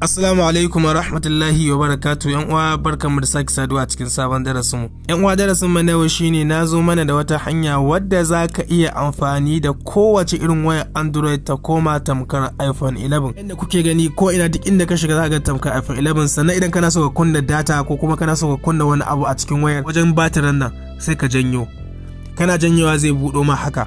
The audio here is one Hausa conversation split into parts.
Assalamu alaikum wa rahmatullahi wa barakatu ‘yan uwa mu da sake saduwa cikin sabon darasin mu. ‘Yan uwa darasin mu na yau shine na zo mana da wata hanya wadda za ka iya amfani da kowace irin wayar Android ta koma tamkar iPhone 11. Inda kuke gani ko ina duk inda ka shiga za ga tamkar iPhone 11 sannan idan kana so ka kunna data ko kuma kana so ka kunna wani abu a cikin wayar wajen batirin nan sai ka janyo. Kana janyowa zai buɗo ma haka.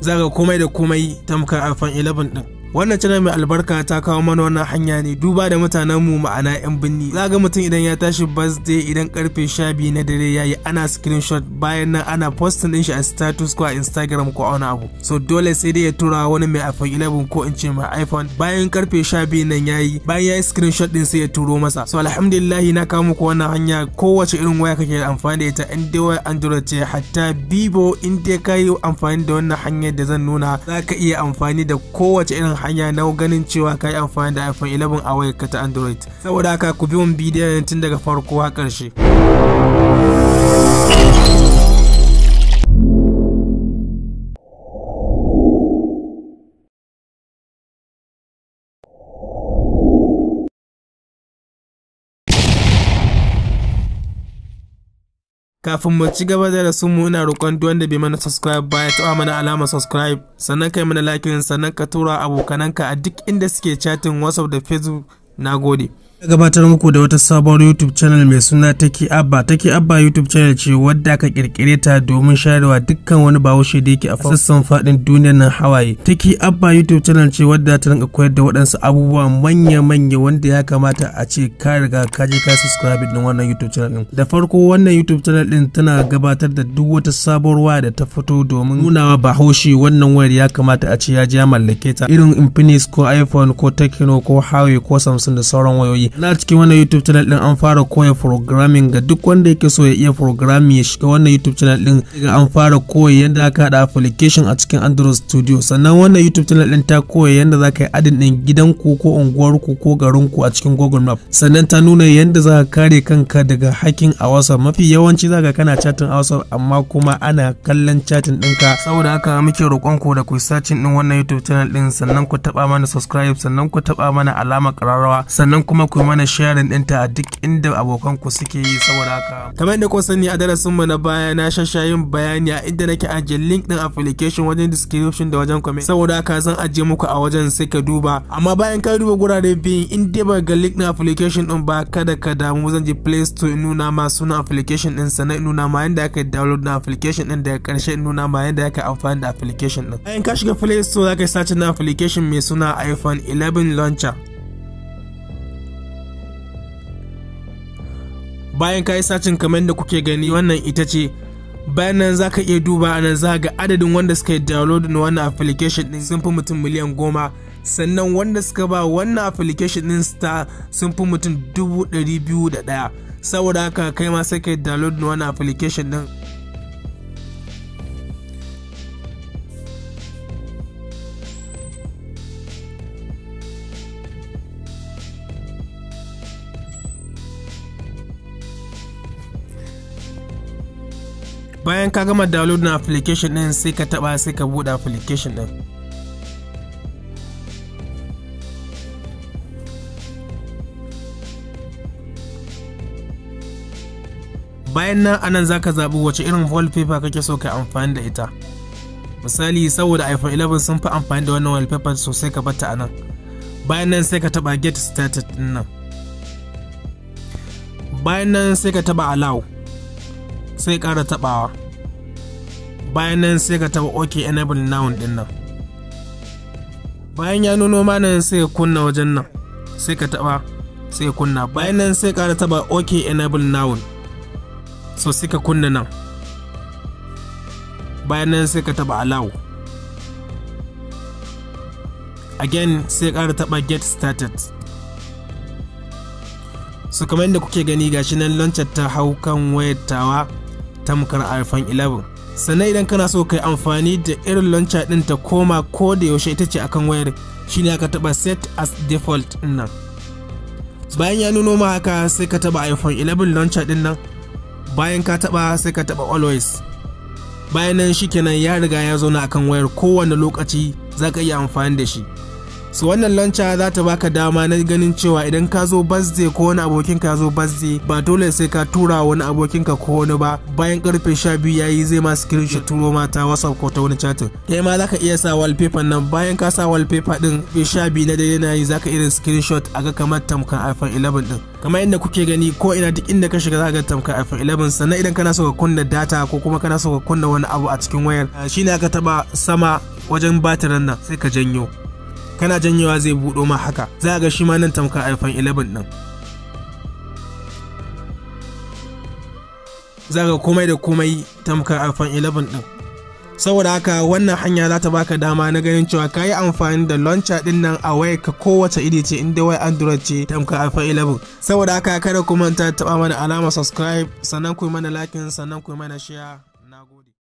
Za ga komai da komai tamkar iPhone 11 ɗin. wannan channel mai albarka ta kawo mana wannan hanya ne duba da mutanen mu ma'ana yan binni za ga mutum idan ya tashi birthday idan karfe 12 na dare yayi ana screenshot bayan nan ana posting din shi a status ko a instagram ko a wani abu so dole sai dai ya tura wani mai iphone 11 ko in ce mai iphone bayan karfe 12 nan yayi bayan yayi screenshot din sai ya turo masa so alhamdulillah na kawo muku wannan hanya kowace irin waya kake amfani da ita in dai waya android ce hatta bibo in dai kayi amfani da wannan hanyar da zan nuna za ka iya amfani da kowace irin hanya na ganin cewa ka yi amfani da iphone 11 a wayarka ta android saboda haka ku bi mun bidiyon tun daga farko har ƙarshe kafin mu ci gaba da rasu mu ina roƙon duk wanda bai mana subscribe ba ya taɓa mana alama subscribe sannan kai mana like sannan ka tura abokananka a duk inda suke chatting whatsapp da facebook nagode na gabatar muku da wata sabuwar YouTube channel mai suna taki Abba. Take Abba YouTube channel ce wadda aka kirkire ta domin sharewa dukkan wani bahaushe da yake a sassan fadin duniyar nan Hawaye. Take Abba YouTube channel ce wadda ta rinka koyar da waɗansu abubuwa manya-manya wanda ya kamata a ce ka riga ka je ka subscribe din wannan YouTube channel din. Da farko wannan YouTube channel din tana gabatar da duk wata sabuwar da ta fito domin nunawa bahaushe wannan wayar ya kamata a ce ya je ya mallake ta irin Infinix ko iPhone ko Tecno ko Huawei ko Samsung da sauran wayoyi. na cikin wannan youtube channel din an fara koya programming ga duk wanda yake so ya iya programming ya shiga wannan youtube channel din an fara koya yadda aka hada application a cikin android studio sannan wannan youtube channel din ta koya yadda za ka yi adin din gidan ku ko unguwar ku ko garin ku a cikin google map sannan ta nuna yadda za ka kare kanka daga hacking a whatsapp mafi yawanci za ka kana chatting a whatsapp amma kuma ana kallon chatting ɗinka saboda haka muke roƙon ku da ku searching din wannan youtube channel din sannan ku taba mana subscribe sannan ku taba mana alamar ƙararrawa sannan kuma ku ku mana sharin ɗinta a duk inda abokan ku suke yi saboda haka kamar yadda kun sani a darasin mu na baya na shashayin bayani a inda nake ajiye link ɗin application wajen description da wajen comment saboda haka zan ajiye muku a wajen sai ka duba amma bayan ka duba gurare biyun in dai ba ga link ɗin application ɗin ba kada ka damu zan je play store in nuna ma sunan application ɗin sannan in nuna ma yadda aka download na application ɗin daga ƙarshe in nuna ma yadda aka amfani da application ɗin bayan ka shiga play store za ka yi na application mai suna iphone 11 launcher bayan ka yi sacin kamar da kuke gani wannan ita ce bayan nan za ka iya duba nan za ga adadin wanda suka yi download na wannan application din sun fi mutum miliyan goma sannan wanda suka ba wannan application din star sun fi mutum dubu ɗari biyu da ɗaya saboda haka kai ma sai ka yi download na wannan application din bayan ka gama download na application din sai ka taba sai ka bude application din bayan nan anan zaka zabi wace irin wallpaper kake so ka amfani da ita misali saboda iphone 11 sun fi amfani da wannan wallpaper sosai ka bata anan bayan nan sai ka taba get started din nan bayan nan sai ka taba allow sai ƙara taɓawa bayan nan sai ka taɓa ok enable noun ɗin nan bayan ya nuno nan sai ka kunna wajen nan sai ka taɓa sai ka kunna bayan nan sai ƙara taɓa ok enable noun so sai ka kunna nan bayan nan sai ka taɓa allow again sai ƙara taɓa get started su so, kamar yadda kuke gani gashi nan launcher ta hau kan wayar tawa tamkar iphone 11 sannan idan kana so kai amfani da irin launcher din ta koma ko da yaushe ita ce akan wayar shine aka taba set as default nan bayan ya nuno ma haka sai ka taba iphone 11 launcher din nan bayan ka taba sai ka taba always bayan nan shikenan ya riga ya zauna akan wayar kowane lokaci za ka iya amfani da shi so wannan lanca za ta baka dama na ganin cewa idan ka zo birthday ko wani abokin ka zo birthday ba dole sai ka tura wani abokin ka ko wani ba bayan karfe 12 yayi zai ma shot turo ma ta WhatsApp ko ta wani chatin kai ma zaka iya sa wallpaper nan bayan ka sa wallpaper din 12 na dare na yi zaka irin shot a ga kamar tamkar iPhone 11 din kamar yadda kuke gani ko ina duk inda ka shiga zaka tamkan iPhone 11 sannan idan kana so ka kunna data ko kuma kana so ka kunna wani abu a cikin wayar shine aka taba sama wajen batirin nan sai ka janyo kana janyewa zai buɗo ma haka za a ga shi ma nan tamkar iphone 11 ɗin za ga komai da komai tamkar iphone 11 ɗin saboda haka wannan hanya za ta baka dama na ganin cewa ka yi amfani da launcher ɗin nan a waya ka kowace iri ce inda wai android ce tamkar iphone 11 saboda haka kada ku manta taɓa mana alama subscribe sannan ku yi mana liking sannan ku yi mana share nagode